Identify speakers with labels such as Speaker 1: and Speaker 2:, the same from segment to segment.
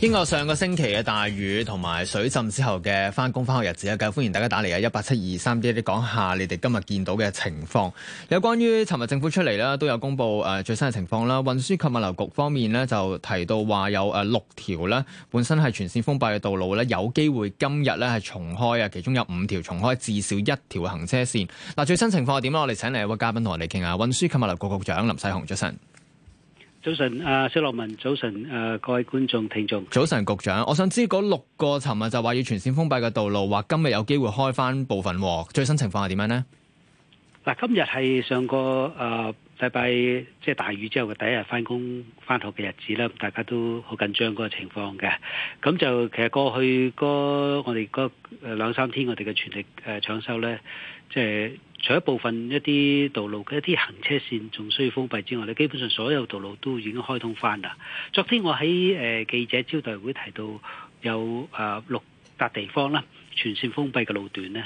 Speaker 1: 經過上個星期嘅大雨同埋水浸之後嘅翻工翻學日子嘅，歡迎大家打嚟啊！一八七二三 D，你講下你哋今日見到嘅情況。有關於尋日政府出嚟啦，都有公布誒最新嘅情況啦。運輸及物流局方面咧就提到話有誒六條咧本身係全線封閉嘅道路咧，有機會今日咧係重開啊，其中有五條重開至少一條行車線。嗱，最新情況係點咧？我哋請嚟一位嘉賓同我哋傾下，運輸及物流局局,局長林世雄早晨。
Speaker 2: 早晨，阿小樂文，早晨，誒，各位
Speaker 1: 觀眾聽眾。早晨，局長，我想知嗰六個，尋日就話要全線封閉嘅道路，話今日有機會開翻部分喎，最新情況係點樣呢？
Speaker 2: 嗱，今日係上個誒禮拜，即係大雨之後嘅第一日翻工翻學嘅日子啦，大家都好緊張嗰個情況嘅。咁就其實過去嗰我哋嗰兩三天，我哋嘅全力誒搶修咧，即係除咗部分一啲道路嘅一啲行車線仲需要封閉之外，咧基本上所有道路都已經開通翻啦。昨天我喺誒記者招待會提到有誒六笪地方啦，全線封閉嘅路段呢，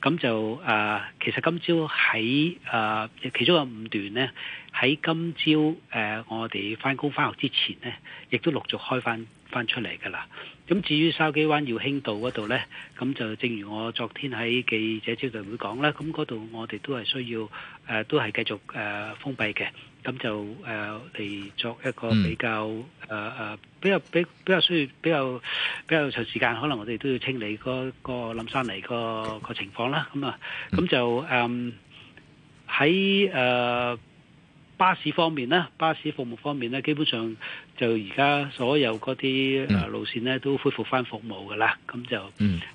Speaker 2: 咁就誒、呃，其實今朝喺誒，其中有五段呢，喺今朝誒、呃，我哋翻工翻學之前呢，亦都陸續開翻翻出嚟噶啦。咁至於筲箕灣耀興道嗰度呢，咁就正如我昨天喺記者招待會講啦，咁嗰度我哋都係需要誒、呃，都係繼續誒、呃，封閉嘅。咁就誒嚟作一個比較誒誒比較比比較需要比較比較長時間，可能我哋都要清理嗰個個冧山泥個個情況啦。咁啊，咁就喺誒巴士方面咧，巴士服務方面咧，基本上就而家所有嗰啲路線咧都恢復返服務噶啦。咁就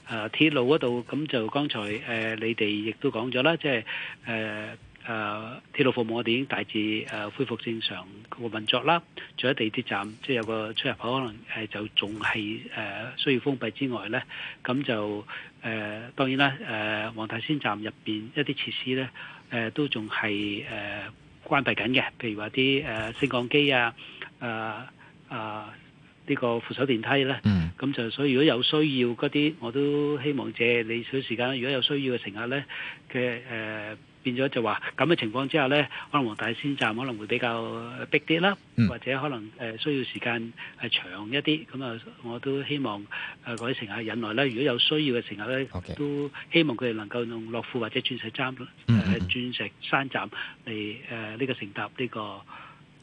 Speaker 2: 誒鐵路嗰度，咁就剛才誒你哋亦都講咗啦，即係誒。誒、啊、鐵路服務我哋已經大致誒、啊、恢復正常個運作啦，除咗地鐵站即係有個出入口，可能誒、啊、就仲係誒需要封閉之外咧，咁就誒、啊、當然啦誒黃大仙站入邊一啲設施咧誒、啊、都仲係誒關閉緊嘅，譬如話啲誒升降機啊誒誒呢個扶手電梯咧，咁、嗯、就所以如果有需要嗰啲我都希望借你少時間，如果有需要嘅乘客咧嘅誒。變咗就話咁嘅情況之下呢，可能黃大仙站可能會比較逼啲啦、嗯，或者可能、呃、需要時間係長一啲，咁啊，我都希望誒各位乘客引來啦，如果有需要嘅乘客呢，okay. 都希望佢哋能夠用樂富或者鑽石站誒、呃、鑽石山站嚟誒呢個乘搭呢、呢個。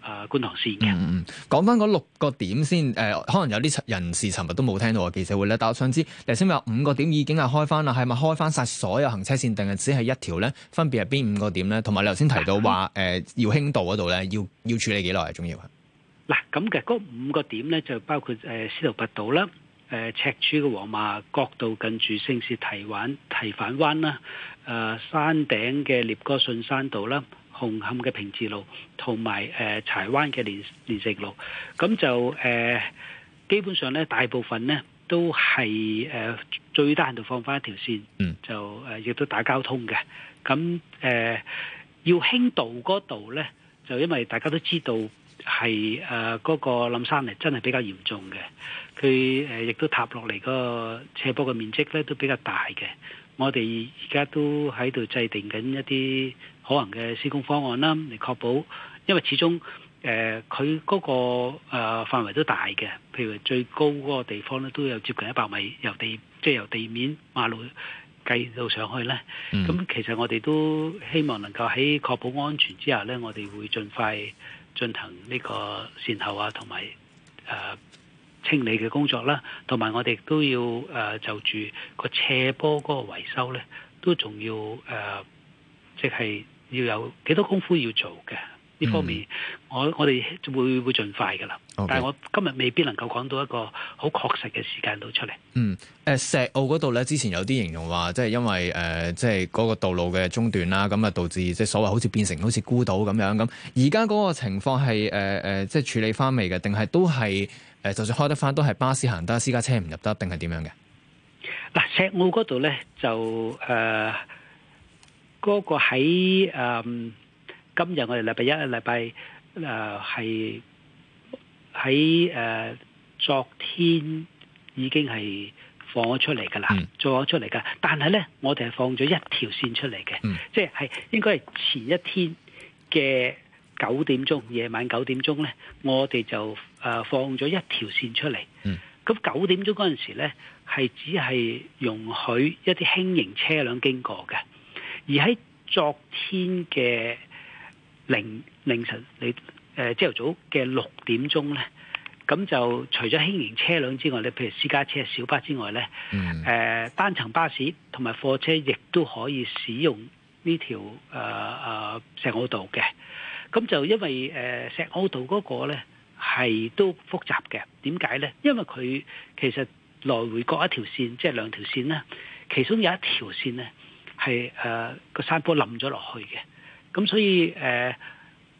Speaker 1: 誒觀塘線嘅，講翻嗰六個點先，誒、呃、可能有啲人士尋日都冇聽到啊，記者會咧。但我想知，頭先有五個點已經係開翻啦，係咪開翻晒所有行車線，定係只係一條咧？分別係邊五個點咧？同埋你頭先提到話誒耀興道嗰度咧，要要，要處理幾耐啊？仲要啊？
Speaker 2: 嗱，咁嘅嗰五個點咧，就包括誒司、呃、徒拔道啦，誒、呃、赤柱嘅黃麻角道近住聖士提灣提反灣啦，誒、呃、山頂嘅聶高信山道啦。紅磡嘅平治路同埋誒柴灣嘅連連城路，咁就誒、呃、基本上咧，大部分咧都係誒、呃、最低限度放翻一條線，嗯，就、呃、誒亦都打交通嘅。咁誒、呃、耀興道嗰度咧，就因為大家都知道係誒嗰個冧山泥，真係比較嚴重嘅，佢誒、呃、亦都塌落嚟個斜坡嘅面積咧都比較大嘅。我哋而家都喺度制定緊一啲可能嘅施工方案啦、啊，嚟確保，因為始終誒佢嗰個誒範圍都大嘅，譬如最高嗰個地方咧都有接近一百米，由地即係、就是、由地面馬路計到上去咧。咁、mm. 其實我哋都希望能夠喺確保安全之下咧，我哋會盡快進行呢個善後啊，同埋誒，呃清理嘅工作啦，同埋我哋都要誒、呃、就住個斜坡個維修咧，都仲要誒即係要有幾多功夫要做嘅呢、嗯、方面。我我哋會會盡快噶啦。Okay. 但係我今日未必能夠講到一個好確實嘅時間度出嚟。嗯，
Speaker 1: 誒、呃、石澳嗰度咧，之前有啲形容話，即係因為誒、呃、即係嗰個道路嘅中斷啦，咁啊導致即係所謂好似變成好似孤島咁樣咁。而家嗰個情況係誒誒即係處理翻未嘅，定係都係？誒、呃，就算開得翻都係巴士行得，私家車唔入得，定係點樣嘅？嗱，石澳嗰度咧
Speaker 2: 就誒，嗰、呃那個喺誒、呃、今日我哋禮拜一禮拜誒係喺誒昨天已經係放咗出嚟噶啦，做咗出嚟噶，但係咧我哋係放咗一條線出嚟嘅、嗯，即係應該係前一天嘅。九點鐘，夜晚九點鐘呢，我哋就、呃、放咗一條線出嚟。咁、mm. 九點鐘嗰陣時呢，係只係容許一啲輕型車輛經過嘅。而喺昨天嘅零凌晨，你誒朝頭早嘅六點鐘呢，咁就除咗輕型車輛之外，你譬如私家車、小巴之外呢，誒、mm. 呃、單層巴士同埋貨車亦都可以使用呢條誒誒、呃呃、石澳道嘅。咁就因為誒石澳道嗰個咧係都複雜嘅，點解咧？因為佢其實來回各一條線，即係兩條線咧，其中有一條線咧係誒個山坡冧咗落去嘅，咁所以誒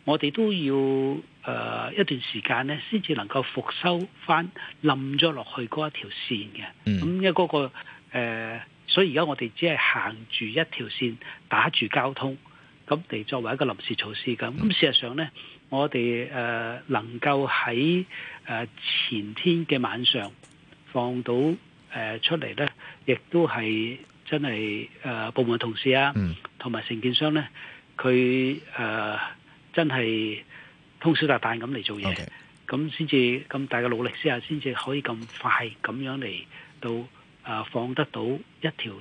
Speaker 2: 我哋都要誒一段時間咧，先至能夠復修翻冧咗落去嗰一條線嘅。咁、嗯、因嗰個誒，所以而家我哋只係行住一條線，打住交通。咁地作為一個臨時措施嘅，咁事實上呢，我哋誒、呃、能夠喺誒、呃、前天嘅晚上放到誒、呃、出嚟呢，亦都係真係誒、呃、部門同事啊，同埋承建商呢，佢誒、呃、真係通宵達旦咁嚟做嘢，咁先至咁大嘅努力之下，先至可以咁快咁樣嚟到誒、呃、放得到一條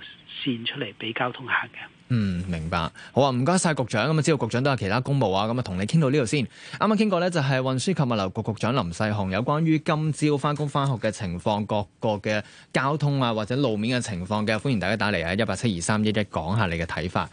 Speaker 2: 線出嚟俾交通客嘅。
Speaker 1: 嗯，明白好啊，唔該晒局長咁啊，知道局長都有其他公務啊，咁啊同你傾到呢度先。啱啱傾過呢，就係運輸及物流局局長林世雄有關於今朝翻工翻學嘅情況，各個嘅交通啊或者路面嘅情況嘅，歡迎大家打嚟啊，一八七二三一一講下你嘅睇法。